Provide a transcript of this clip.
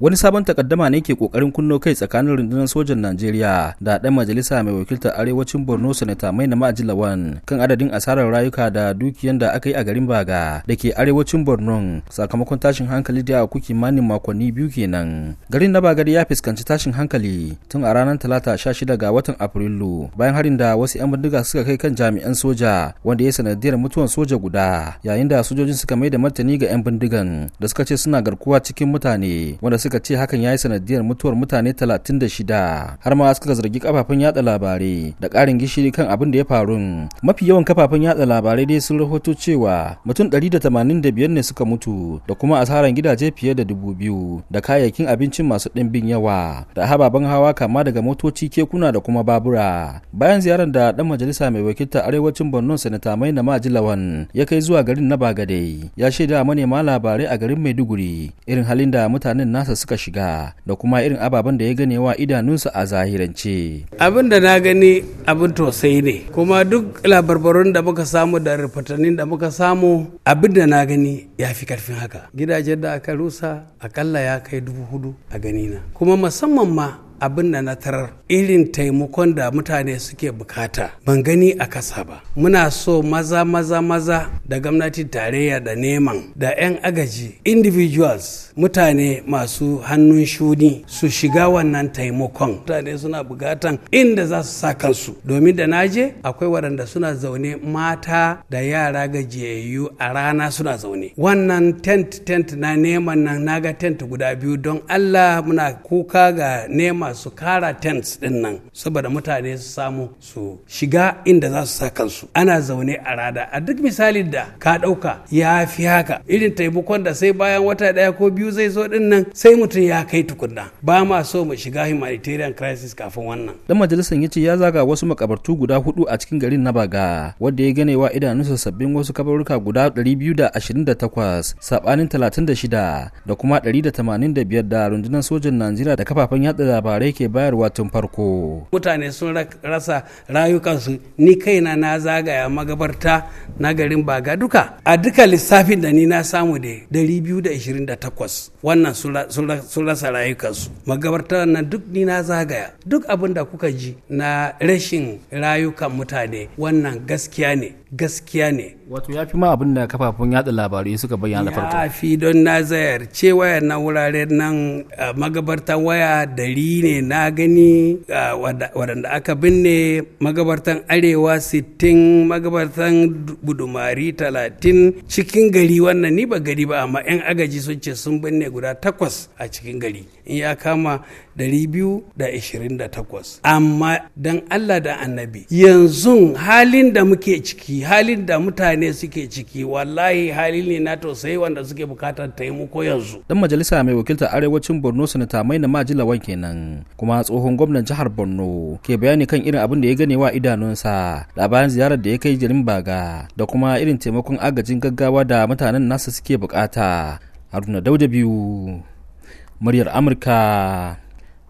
wani sabon takaddama ne ke kokarin kunno kai tsakanin rundunar sojan najeriya da ɗan majalisa mai wakiltar arewacin borno sanata mai na ma'aji lawan kan adadin asarar rayuka da dukiyan da aka yi a garin baga da ke arewacin borno sakamakon tashin hankali da kuki manin makonni biyu kenan garin na bagari ya fuskanci tashin hankali tun a ranar talata 16 ga watan afrilu bayan harin da wasu 'yan bindiga suka kai kan jami'an soja wanda ya sanadiyar mutuwan soja guda yayin da sojojin suka mai da martani ga 'yan bindigan da suka ce suna garkuwa cikin mutane wanda suka ce hakan ya yi sanadiyar mutuwar mutane 36 har ma suka zargi kafafen yada labarai da karin gishiri kan abin da ya faru mafi yawan kafafen yada labarai dai sun rahoto cewa mutum 185 ne suka mutu da kuma asaran gidaje fiye da 2000 da kayayyakin abincin masu ɗimbin yawa da hababan hawa kama daga motoci kekuna da kuma babura bayan ziyarar da dan majalisa mai wakilta arewacin borno sanata maina majilawan ya kai zuwa garin na bagade ya shaida manema labarai a garin maiduguri irin halin da mutanen nasa suka shiga da kuma irin ababen da ya gane wa idanunsa a zahirance. Abin da na gani abin tausayi ne kuma duk labarbarun da muka samu da rufatannin da muka samu abin da na gani ya fi karfin haka. Gidajen da aka rusa akalla ya kai dubu hudu a ganina kuma musamman ma abin da na tarar irin taimakon da mutane suke bukata ban gani a kasa ba muna so maza maza maza da gwamnati tarayya da neman da 'yan agaji individuals mutane masu hannun shuni su shiga wannan taimakon mutane suna bukatan inda za su sa kansu domin da na je akwai waɗanda suna zaune mata da yara gajiyayyu a rana suna zaune wannan tent tent na neman nan naga tent guda biyu don allah muna kuka ga neman masu kara tents din nan saboda mutane su samu su shiga inda za su sa kansu ana zaune a rada a duk misali da ka ɗauka ya fi haka irin taimakon da sai bayan wata ɗaya ko biyu zai zo din nan sai mutum ya kai tukunna ba ma so mu shiga humanitarian crisis kafin wannan dan majalisar ya ce ya zaga wasu makabartu guda hudu a cikin garin na baga wanda ya gane wa idanunsa sabbin wasu kabaruka guda 228 sabanin 36 da kuma 185 da rundunar sojan najeriya da kafafen yatsa labarai labarai ke bayarwa tun farko mutane sun rasa rayukansu ni kaina na zagaya magabarta na garin baga duka a duka lissafin da ni na samu da 228 wannan sun rasa rayukansu magabarta na duk ni na zagaya duk abin da kuka ji na rashin rayukan mutane wannan gaskiya ne gaskiya ne wato ya fi ma abin da kafafun yada labarai suka bayyana da farko ya fi don na ce waya na wurare nan magabartan waya dari ne na gani waɗanda aka binne magabartan arewa sittin. magabartan gudumari talatin cikin gari wannan ni ba gari ba amma 'yan agaji sun ce sun binne guda takwas a cikin gari in ya kama 228 amma don allah da annabi yanzu halin da muke ciki halin da mutane suke ciki wallahi halin ne na tausayi wanda suke bukatar taimako yanzu dan majalisa mai wakiltar arewacin borno sanata maina majilawan kenan kuma tsohon gwamnan jihar borno ke bayani kan irin abin da ya gane wa idanunsa da bayan ziyarar da ya kai jirin baga da kuma irin taimakon agajin gaggawa da mutanen nasa suke bukata haruna dauda biyu muryar amurka